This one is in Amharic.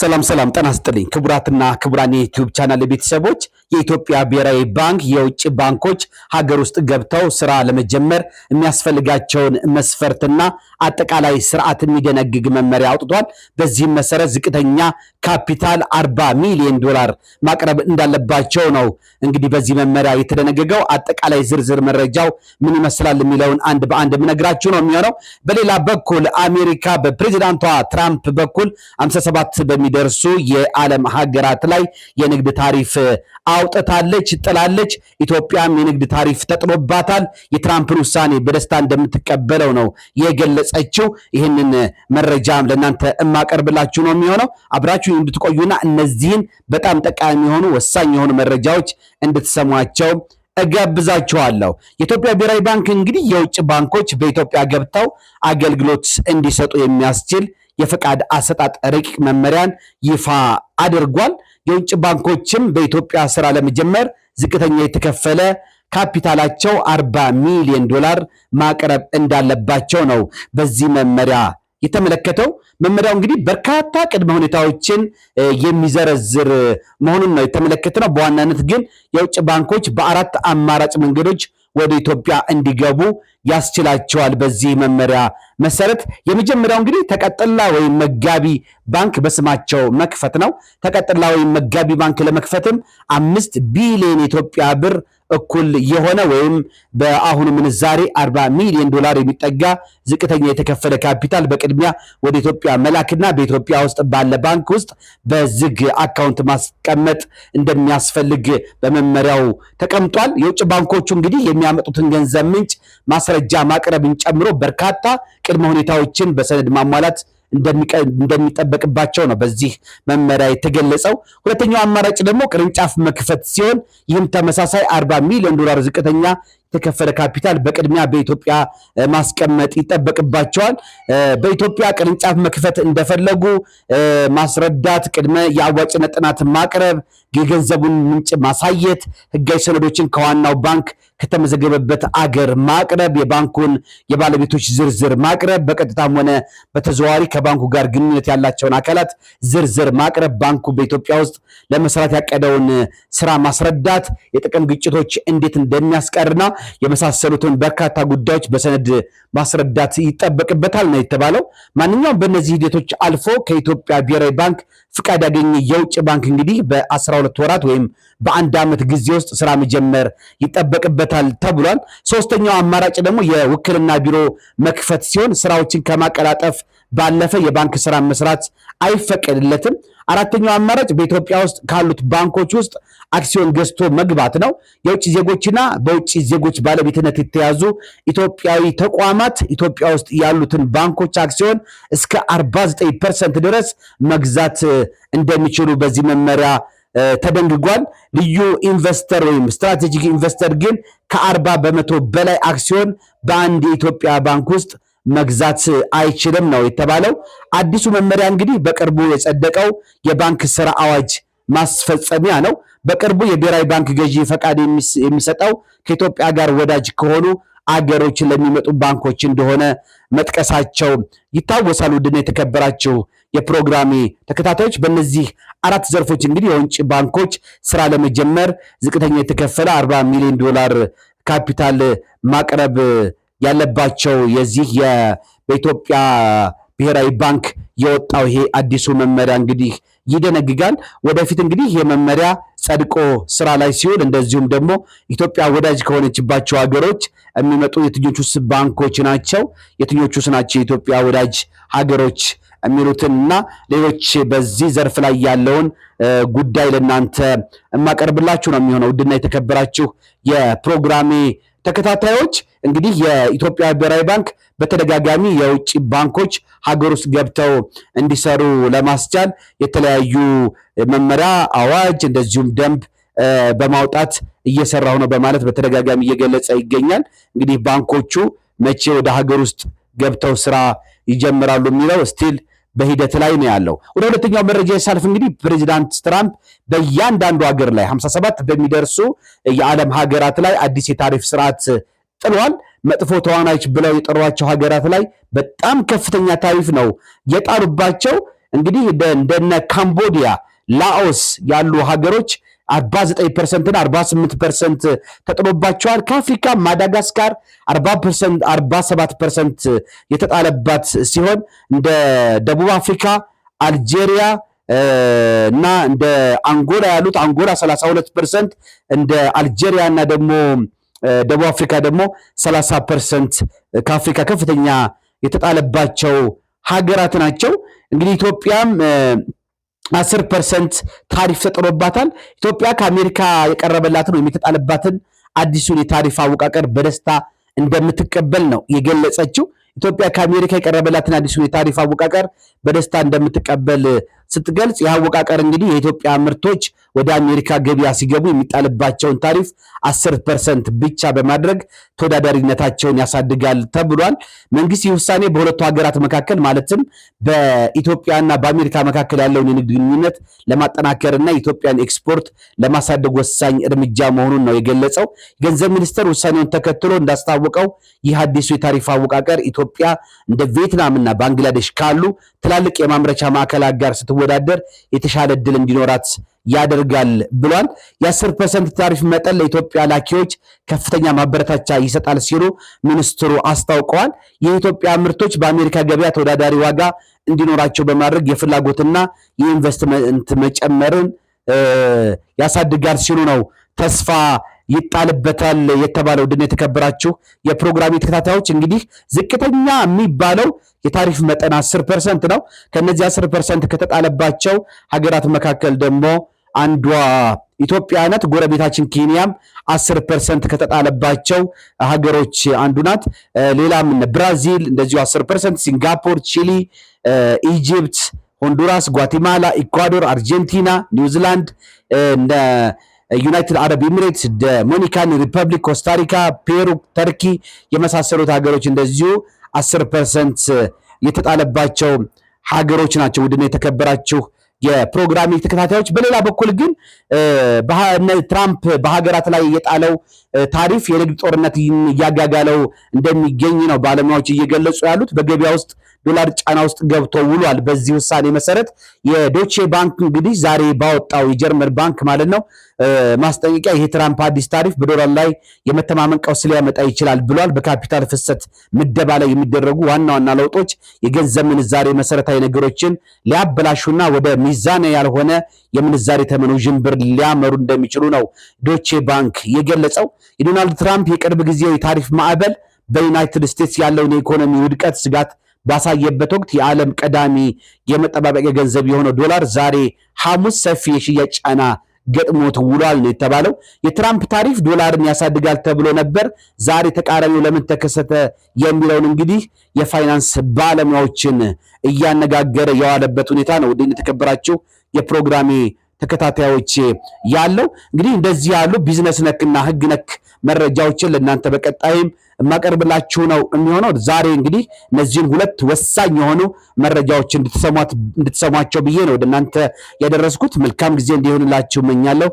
ሰላም ሰላም ጤና ይስጥልኝ ክቡራትና ክቡራን የዩቲዩብ ቻናል ቤተሰቦች የኢትዮጵያ ብሔራዊ ባንክ የውጭ ባንኮች ሀገር ውስጥ ገብተው ስራ ለመጀመር የሚያስፈልጋቸውን መስፈርትና አጠቃላይ ስርዓት የሚደነግግ መመሪያ አውጥቷል። በዚህም መሰረት ዝቅተኛ ካፒታል አርባ ሚሊዮን ዶላር ማቅረብ እንዳለባቸው ነው እንግዲህ በዚህ መመሪያ የተደነገገው። አጠቃላይ ዝርዝር መረጃው ምን ይመስላል የሚለውን አንድ በአንድ የምነግራችሁ ነው የሚሆነው። በሌላ በኩል አሜሪካ በፕሬዚዳንቷ ትራምፕ በኩል ሃምሳ ሰባት በሚደርሱ የዓለም ሀገራት ላይ የንግድ ታሪፍ አውጥታለች ጥላለች። ኢትዮጵያም የንግድ ታሪፍ ተጥሎባታል። የትራምፕን ውሳኔ በደስታ እንደምትቀበለው ነው የገለጸ የገለጸችው። ይህንን መረጃ ለእናንተ የማቀርብላችሁ ነው የሚሆነው። አብራችሁ እንድትቆዩና እነዚህን በጣም ጠቃሚ የሆኑ ወሳኝ የሆኑ መረጃዎች እንድትሰሟቸው እጋብዛችኋለሁ። የኢትዮጵያ ብሔራዊ ባንክ እንግዲህ የውጭ ባንኮች በኢትዮጵያ ገብተው አገልግሎት እንዲሰጡ የሚያስችል የፈቃድ አሰጣጥ ረቂቅ መመሪያን ይፋ አድርጓል። የውጭ ባንኮችም በኢትዮጵያ ስራ ለመጀመር ዝቅተኛ የተከፈለ ካፒታላቸው 40 ሚሊዮን ዶላር ማቅረብ እንዳለባቸው ነው በዚህ መመሪያ የተመለከተው። መመሪያው እንግዲህ በርካታ ቅድመ ሁኔታዎችን የሚዘረዝር መሆኑን ነው የተመለከተ ነው። በዋናነት ግን የውጭ ባንኮች በአራት አማራጭ መንገዶች ወደ ኢትዮጵያ እንዲገቡ ያስችላቸዋል። በዚህ መመሪያ መሰረት የመጀመሪያው እንግዲህ ተቀጥላ ወይም መጋቢ ባንክ በስማቸው መክፈት ነው። ተቀጥላ ወይም መጋቢ ባንክ ለመክፈትም አምስት ቢሊዮን የኢትዮጵያ ብር እኩል የሆነ ወይም በአሁኑ ምንዛሬ አርባ ሚሊዮን ዶላር የሚጠጋ ዝቅተኛ የተከፈለ ካፒታል በቅድሚያ ወደ ኢትዮጵያ መላክና በኢትዮጵያ ውስጥ ባለ ባንክ ውስጥ በዝግ አካውንት ማስቀመጥ እንደሚያስፈልግ በመመሪያው ተቀምጧል። የውጭ ባንኮቹ እንግዲህ የሚያመጡትን ገንዘብ ምንጭ ማስረ ማስረጃ ማቅረብን ጨምሮ በርካታ ቅድመ ሁኔታዎችን በሰነድ ማሟላት እንደሚጠበቅባቸው ነው በዚህ መመሪያ የተገለጸው። ሁለተኛው አማራጭ ደግሞ ቅርንጫፍ መክፈት ሲሆን ይህም ተመሳሳይ አርባ ሚሊዮን ዶላር ዝቅተኛ የተከፈለ ካፒታል በቅድሚያ በኢትዮጵያ ማስቀመጥ ይጠበቅባቸዋል። በኢትዮጵያ ቅርንጫፍ መክፈት እንደፈለጉ ማስረዳት፣ ቅድመ የአዋጭነት ጥናትን ማቅረብ፣ የገንዘቡን ምንጭ ማሳየት፣ ህጋዊ ሰነዶችን ከዋናው ባንክ ከተመዘገበበት አገር ማቅረብ፣ የባንኩን የባለቤቶች ዝርዝር ማቅረብ፣ በቀጥታም ሆነ በተዘዋዋሪ ከባንኩ ጋር ግንኙነት ያላቸውን አካላት ዝርዝር ማቅረብ፣ ባንኩ በኢትዮጵያ ውስጥ ለመስራት ያቀደውን ስራ ማስረዳት፣ የጥቅም ግጭቶች እንዴት እንደሚያስቀርና የመሳሰሉትን በርካታ ጉዳዮች በሰነድ ማስረዳት ይጠበቅበታል ነው የተባለው። ማንኛውም በእነዚህ ሂደቶች አልፎ ከኢትዮጵያ ብሔራዊ ባንክ ፍቃድ ያገኘ የውጭ ባንክ እንግዲህ በአስራ ሁለት ወራት ወይም በአንድ ዓመት ጊዜ ውስጥ ስራ መጀመር ይጠበቅበታል ተብሏል። ሶስተኛው አማራጭ ደግሞ የውክልና ቢሮ መክፈት ሲሆን ስራዎችን ከማቀላጠፍ ባለፈ የባንክ ስራ መስራት አይፈቀድለትም። አራተኛው አማራጭ በኢትዮጵያ ውስጥ ካሉት ባንኮች ውስጥ አክሲዮን ገዝቶ መግባት ነው። የውጭ ዜጎችና በውጭ ዜጎች ባለቤትነት የተያዙ ኢትዮጵያዊ ተቋማት ኢትዮጵያ ውስጥ ያሉትን ባንኮች አክሲዮን እስከ 49 ፐርሰንት ድረስ መግዛት እንደሚችሉ በዚህ መመሪያ ተደንግጓል። ልዩ ኢንቨስተር ወይም ስትራቴጂክ ኢንቨስተር ግን ከአርባ በመቶ በላይ አክሲዮን በአንድ የኢትዮጵያ ባንክ ውስጥ መግዛት አይችልም ነው የተባለው። አዲሱ መመሪያ እንግዲህ በቅርቡ የጸደቀው የባንክ ስራ አዋጅ ማስፈጸሚያ ነው። በቅርቡ የብሔራዊ ባንክ ገዢ ፈቃድ የሚሰጠው ከኢትዮጵያ ጋር ወዳጅ ከሆኑ አገሮች ለሚመጡ ባንኮች እንደሆነ መጥቀሳቸው ይታወሳል። ውድና የተከበራችሁ የፕሮግራሜ ተከታታዮች በእነዚህ አራት ዘርፎች እንግዲህ የውጭ ባንኮች ስራ ለመጀመር ዝቅተኛ የተከፈለ አርባ ሚሊዮን ዶላር ካፒታል ማቅረብ ያለባቸው የዚህ በኢትዮጵያ ብሔራዊ ባንክ የወጣው ይሄ አዲሱ መመሪያ እንግዲህ ይደነግጋል። ወደፊት እንግዲህ የመመሪያ ጸድቆ ስራ ላይ ሲውል እንደዚሁም ደግሞ ኢትዮጵያ ወዳጅ ከሆነችባቸው ሀገሮች የሚመጡ የትኞቹስ ባንኮች ናቸው፣ የትኞቹስ ናቸው የኢትዮጵያ ወዳጅ ሀገሮች የሚሉትን እና ሌሎች በዚህ ዘርፍ ላይ ያለውን ጉዳይ ለእናንተ የማቀርብላችሁ ነው የሚሆነው። ውድና የተከበራችሁ የፕሮግራሜ ተከታታዮች እንግዲህ የኢትዮጵያ ብሔራዊ ባንክ በተደጋጋሚ የውጭ ባንኮች ሀገር ውስጥ ገብተው እንዲሰሩ ለማስቻል የተለያዩ መመሪያ፣ አዋጅ እንደዚሁም ደንብ በማውጣት እየሰራሁ ነው በማለት በተደጋጋሚ እየገለጸ ይገኛል። እንግዲህ ባንኮቹ መቼ ወደ ሀገር ውስጥ ገብተው ስራ ይጀምራሉ የሚለው ስቲል በሂደት ላይ ነው ያለው። ወደ ሁለተኛው መረጃ የሳልፍ እንግዲህ ፕሬዚዳንት ትራምፕ በእያንዳንዱ ሀገር ላይ 57 በሚደርሱ የዓለም ሀገራት ላይ አዲስ የታሪፍ ስርዓት ጥሏል። መጥፎ ተዋናዮች ብለው የጠሯቸው ሀገራት ላይ በጣም ከፍተኛ ታሪፍ ነው የጣሉባቸው። እንግዲህ እንደነ ካምቦዲያ፣ ላኦስ ያሉ ሀገሮች 49 ፐርሰንትና 48 ፐርሰንት ተጥሎባቸዋል። ከአፍሪካ ማዳጋስካር 47 ፐርሰንት የተጣለባት ሲሆን እንደ ደቡብ አፍሪካ፣ አልጄሪያ እና እንደ አንጎላ ያሉት አንጎላ 32 ፐርሰንት እንደ አልጄሪያ እና ደግሞ ደቡብ አፍሪካ ደግሞ 30 ፐርሰንት ከአፍሪካ ከፍተኛ የተጣለባቸው ሀገራት ናቸው። እንግዲህ ኢትዮጵያም አስር ፐርሰንት ታሪፍ ተጥሎባታል። ኢትዮጵያ ከአሜሪካ የቀረበላትን ወይም የተጣለባትን አዲሱን የታሪፍ አወቃቀር በደስታ እንደምትቀበል ነው የገለጸችው። ኢትዮጵያ ከአሜሪካ የቀረበላትን አዲሱን የታሪፍ አወቃቀር በደስታ እንደምትቀበል ስትገልጽ የአወቃቀር እንግዲህ የኢትዮጵያ ምርቶች ወደ አሜሪካ ገበያ ሲገቡ የሚጣልባቸውን ታሪፍ አስር ፐርሰንት ብቻ በማድረግ ተወዳዳሪነታቸውን ያሳድጋል ተብሏል። መንግስት ይህ ውሳኔ በሁለቱ ሀገራት መካከል ማለትም በኢትዮጵያና በአሜሪካ መካከል ያለውን የንግድ ግንኙነት ለማጠናከርና የኢትዮጵያን ኤክስፖርት ለማሳደግ ወሳኝ እርምጃ መሆኑን ነው የገለጸው። ገንዘብ ሚኒስቴር ውሳኔውን ተከትሎ እንዳስታወቀው ይህ አዲሱ የታሪፍ አወቃቀር ኢትዮጵያ እንደ ቪየትናምና ባንግላዴሽ ካሉ ትላልቅ የማምረቻ ማዕከላት ጋር ስትወ ስትወዳደር የተሻለ እድል እንዲኖራት ያደርጋል ብሏል። የአስር ፐርሰንት ታሪፍ መጠን ለኢትዮጵያ ላኪዎች ከፍተኛ ማበረታቻ ይሰጣል ሲሉ ሚኒስትሩ አስታውቀዋል። የኢትዮጵያ ምርቶች በአሜሪካ ገበያ ተወዳዳሪ ዋጋ እንዲኖራቸው በማድረግ የፍላጎትና የኢንቨስትመንት መጨመርን ያሳድጋል ሲሉ ነው ተስፋ ይጣልበታል የተባለው። ድን የተከበራችሁ የፕሮግራም ተከታታዮች እንግዲህ ዝቅተኛ የሚባለው የታሪፍ መጠን 10 ፐርሰንት ነው። ከነዚህ 10 ፐርሰንት ከተጣለባቸው ሀገራት መካከል ደግሞ አንዷ ኢትዮጵያ ናት። ጎረቤታችን ኬንያም 10 ፐርሰንት ከተጣለባቸው ሀገሮች አንዱ ናት። ሌላም ብራዚል እንደዚሁ 10 ፐርሰንት፣ ሲንጋፖር፣ ቺሊ፣ ኢጂፕት፣ ሆንዱራስ፣ ጓቲማላ፣ ኢኳዶር፣ አርጀንቲና፣ ኒውዚላንድ ዩናይትድ አረብ ኤሚሬትስ፣ ዶሚኒካን ሪፐብሊክ፣ ኮስታሪካ፣ ፔሩ፣ ተርኪ የመሳሰሉት ሀገሮች እንደዚሁ አስር ፐርሰንት የተጣለባቸው ሀገሮች ናቸው። ውድና የተከበራችሁ የፕሮግራሚንግ ተከታታዮች፣ በሌላ በኩል ግን ትራምፕ በሀገራት ላይ የጣለው ታሪፍ የንግድ ጦርነት እያጋጋለው እንደሚገኝ ነው ባለሙያዎች እየገለጹ ያሉት በገበያ ውስጥ ዶላር ጫና ውስጥ ገብቶ ውሏል። በዚህ ውሳኔ መሰረት የዶቼ ባንክ እንግዲህ ዛሬ ባወጣው የጀርመን ባንክ ማለት ነው ማስጠንቀቂያ ይሄ ትራምፕ አዲስ ታሪፍ በዶላር ላይ የመተማመን ቀውስ ሊያመጣ ይችላል ብሏል። በካፒታል ፍሰት ምደባ ላይ የሚደረጉ ዋና ዋና ለውጦች የገንዘብ ምንዛሬ መሰረታዊ ነገሮችን ሊያበላሹና ወደ ሚዛን ያልሆነ የምንዛሬ ተመኑ ዥንብር ሊያመሩ እንደሚችሉ ነው ዶቼ ባንክ የገለጸው። የዶናልድ ትራምፕ የቅርብ ጊዜው የታሪፍ ማዕበል በዩናይትድ ስቴትስ ያለውን የኢኮኖሚ ውድቀት ስጋት ባሳየበት ወቅት የዓለም ቀዳሚ የመጠባበቂያ ገንዘብ የሆነው ዶላር ዛሬ ሐሙስ ሰፊ የሽያጭ ጫና ገጥሞት ውሏል ነው የተባለው። የትራምፕ ታሪፍ ዶላርን ያሳድጋል ተብሎ ነበር። ዛሬ ተቃራኒው ለምን ተከሰተ የሚለውን እንግዲህ የፋይናንስ ባለሙያዎችን እያነጋገረ የዋለበት ሁኔታ ነው። ውድ የተከበራችሁ የፕሮግራሜ ተከታታዮች ያለው እንግዲህ እንደዚህ ያሉ ቢዝነስ ነክና ህግ ነክ መረጃዎችን ለእናንተ በቀጣይም የማቀርብላችሁ ነው የሚሆነው። ዛሬ እንግዲህ እነዚህን ሁለት ወሳኝ የሆኑ መረጃዎች እንድትሰሟቸው ብዬ ነው ወደ እናንተ ያደረስኩት። መልካም ጊዜ እንዲሆንላችሁ እመኛለሁ።